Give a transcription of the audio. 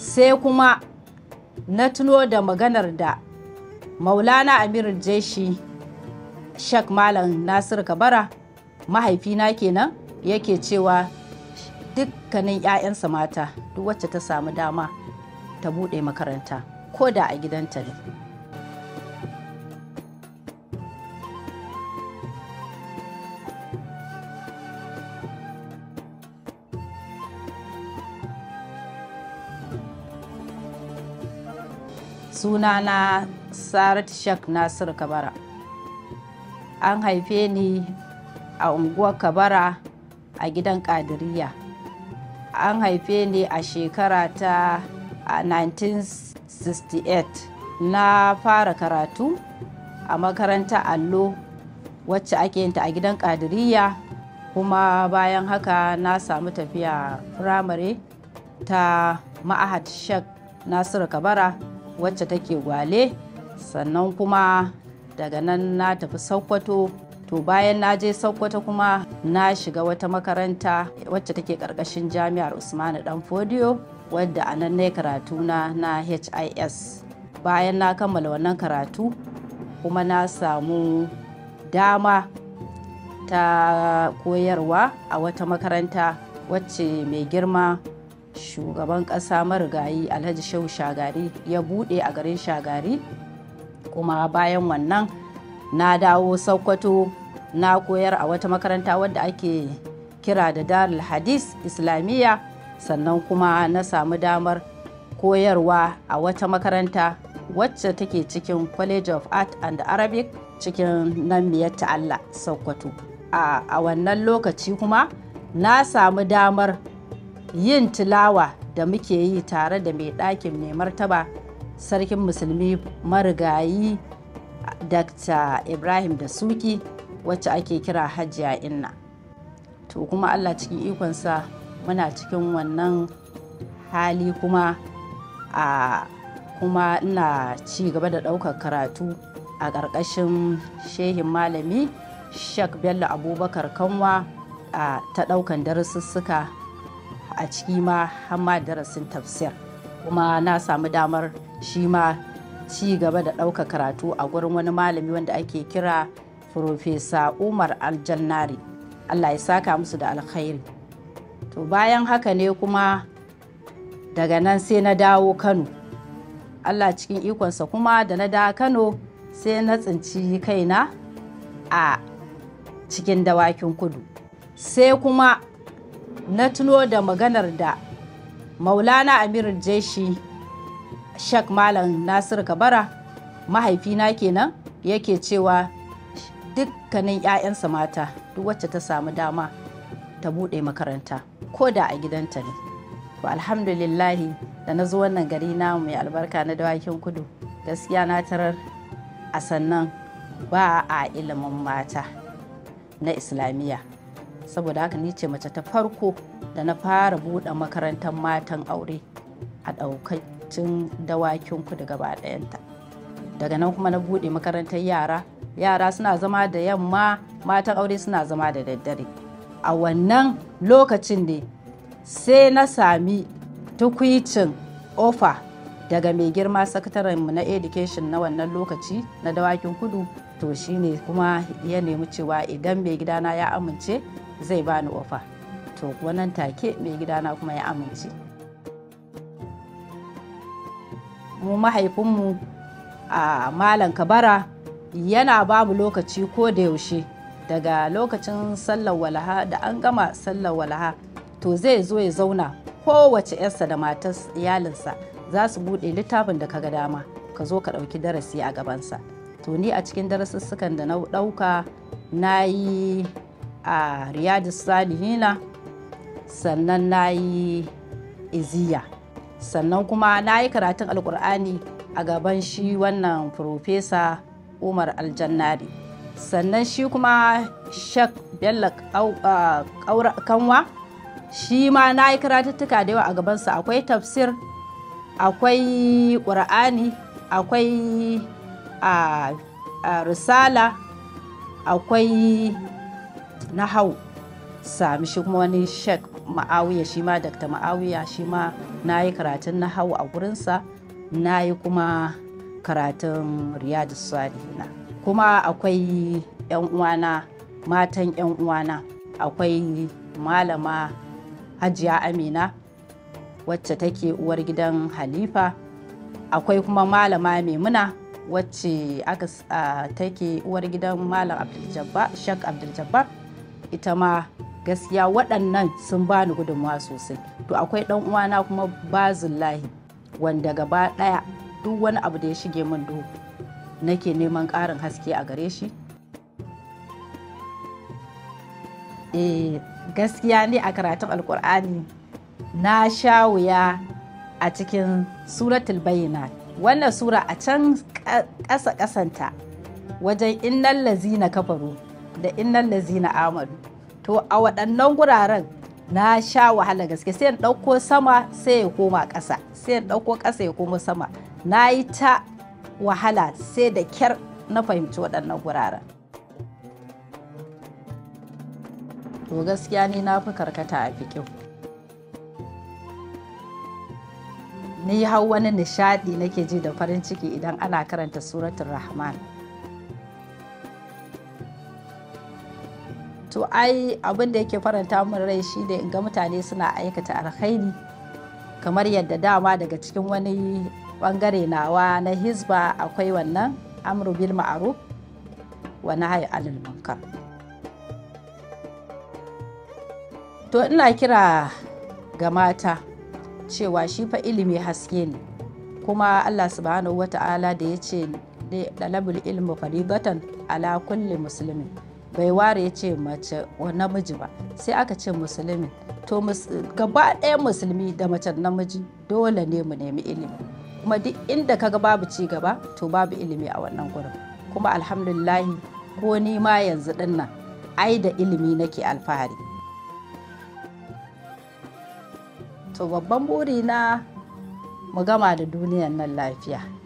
sai kuma na tuno da maganar da maulana amirul jeshi shak malam nasir kabara mahaifina kenan yake cewa dukkanin 'ya'yansa mata duk wacce ta samu dama ta buɗe makaranta ko da a gidanta ne suna na sarat shak nasiru kabara an haife ni a unguwar kabara a gidan kadiriya an haife ni a shekara ta 1968 na fara karatu a makaranta allo wacce ake yinta a gidan kadiriya kuma bayan haka na samu tafiya firamare ta ma'ahad shak nasiru kabara wacce take gwale sannan kuma daga nan na tafi sokoto to bayan na je sokoto kuma na shiga wata makaranta wacce take karkashin jami'ar usmanu dan fodiyo wadda a nan ne karatu na na his bayan na kammala wannan karatu kuma na samu dama ta koyarwa a wata makaranta wacce mai girma shugaban ƙasa marigayi alhaji shehu shagari ya buɗe a garin shagari kuma bayan wannan na dawo saukwato na koyar a wata makaranta wadda ake kira da darul hadis islamiyya sannan kuma na samu damar koyarwa a wata makaranta wacce take cikin college of art and arabic cikin nan miyarta allah saukwato a wannan lokaci kuma na samu damar yin tilawa da muke yi tare da mai ɗakin mai martaba sarkin musulmi marigayi dr ibrahim da suki wacce ake kira hajiya inna to kuma allah cikin ikonsa muna cikin wannan hali kuma a kuma ina ci gaba da ɗaukar karatu a ƙarƙashin shehin malami Sheikh bello abubakar kanwa ta ɗaukan darussuka a ciki ma har ma darasin tafsir kuma na samu damar shi ma ci gaba da ɗauka karatu a gurin wani malami wanda ake kira Profesa Umar Aljannari Allah ya saka musu da alkhairi to bayan haka ne kuma daga nan sai na dawo Kano Allah cikin ikonsa kuma da na dawo Kano sai na tsinci kaina a cikin dawakin kudu sai kuma na tuno da maganar da maulana amir jeshi shak malam nasir kabara mahaifina kenan yake cewa dukkanin 'ya'yansa mata duk wacce ta samu dama ta bude makaranta ko da a gidanta ne to alhamdulillahi da na zo wannan gari na mai albarka na dawakin kudu gaskiya na tarar a sannan ba a ilimin mata na islamiyya saboda haka ni ce mace ta farko da na fara buɗe makarantar matan aure a ɗaukacin dawakinku da gaba ɗayanta daga nan kuma na buɗe makarantar yara yara suna zama da yamma matan aure suna zama da daddare a wannan lokacin ne sai na sami tukwicin ofa daga mai girma sakataren mu na education na wannan lokaci na dawakin kudu to shine kuma ya nemi cewa idan mai gidana ya amince zai bani ofa to kuwa nan take mai na kuma ya amince mu mahaifinmu a malam kabara yana ba mu lokaci ko da yaushe daga lokacin sallar walaha da an gama sallar walaha to zai zo ya zauna kowace 'yarsa da matar iyalinsa za su buɗe littafin da kaga dama ka zo ka ɗauki darasi a gabansa to ni a cikin darasussukan da na ɗauka na yi a riyadu salihina sannan na yi iziya sannan kuma na yi karatun alkur'ani a gaban shi wannan profesa umar aljannari sannan shi kuma shek bello kanwa shi ma na yi karatuttuka da yawa a gabansa akwai tafsir akwai ƙur'ani akwai a risala akwai na hau sami shi kuma wani shek ma'awiya shi ma dr ma'awiya shi ma na yi karatun na hau a gurinsa na yi kuma karatun riyadu salihina kuma akwai 'yan uwana matan 'yan uwana akwai malama hajiya amina wacce take uwar gidan halifa akwai kuma malama maimuna wacce aka take uwar gidan malam shak abdul jabbar ita ma gaskiya waɗannan sun bani gudunmawa sosai to akwai ɗan uwana kuma bazullahi wanda gaba ɗaya duk wani abu da ya shige min duhu nake neman ƙarin haske a gare shi eh gaskiya ne a karatun alkur'ani na sha wuya a cikin suratul bayyana wannan sura a can ƙasa ƙasanta wajen innal lazina kafaru da innan zina amadu to a waɗannan guraren na sha wahala gaske sai ɗauko sama sai ya koma ƙasa sai in ɗauko ƙasa ya koma sama na yi ta wahala sai da kyar na fahimci waɗannan guraren to gaskiya ni na fi karkata a fikin ni hau wani nishadi nake ji da farin ciki idan ana karanta suratun rahman to ai abin da yake faranta min rai shine in ga mutane suna aikata alkhairi kamar yadda dama daga cikin wani bangare nawa na hisba akwai wannan amru bil ma'ruf wa nahyi anil munkar to ina kira ga mata cewa shi fa ilimi haske ne kuma Allah subhanahu wata'ala da ya ce ɗalabul ilmi faridatan ala kulli musulmin bai ware ya ce mace wa namiji ba sai aka ce musulmin to gaba ɗaya musulmi da mace namiji dole ne mu nemi ilimi kuma duk inda kaga babu ci gaba to babu ilimi a wannan gurin kuma alhamdulillahi ko ni ma yanzu ɗinnan ai da ilimi nake alfahari to babban burina mu gama da duniyar nan lafiya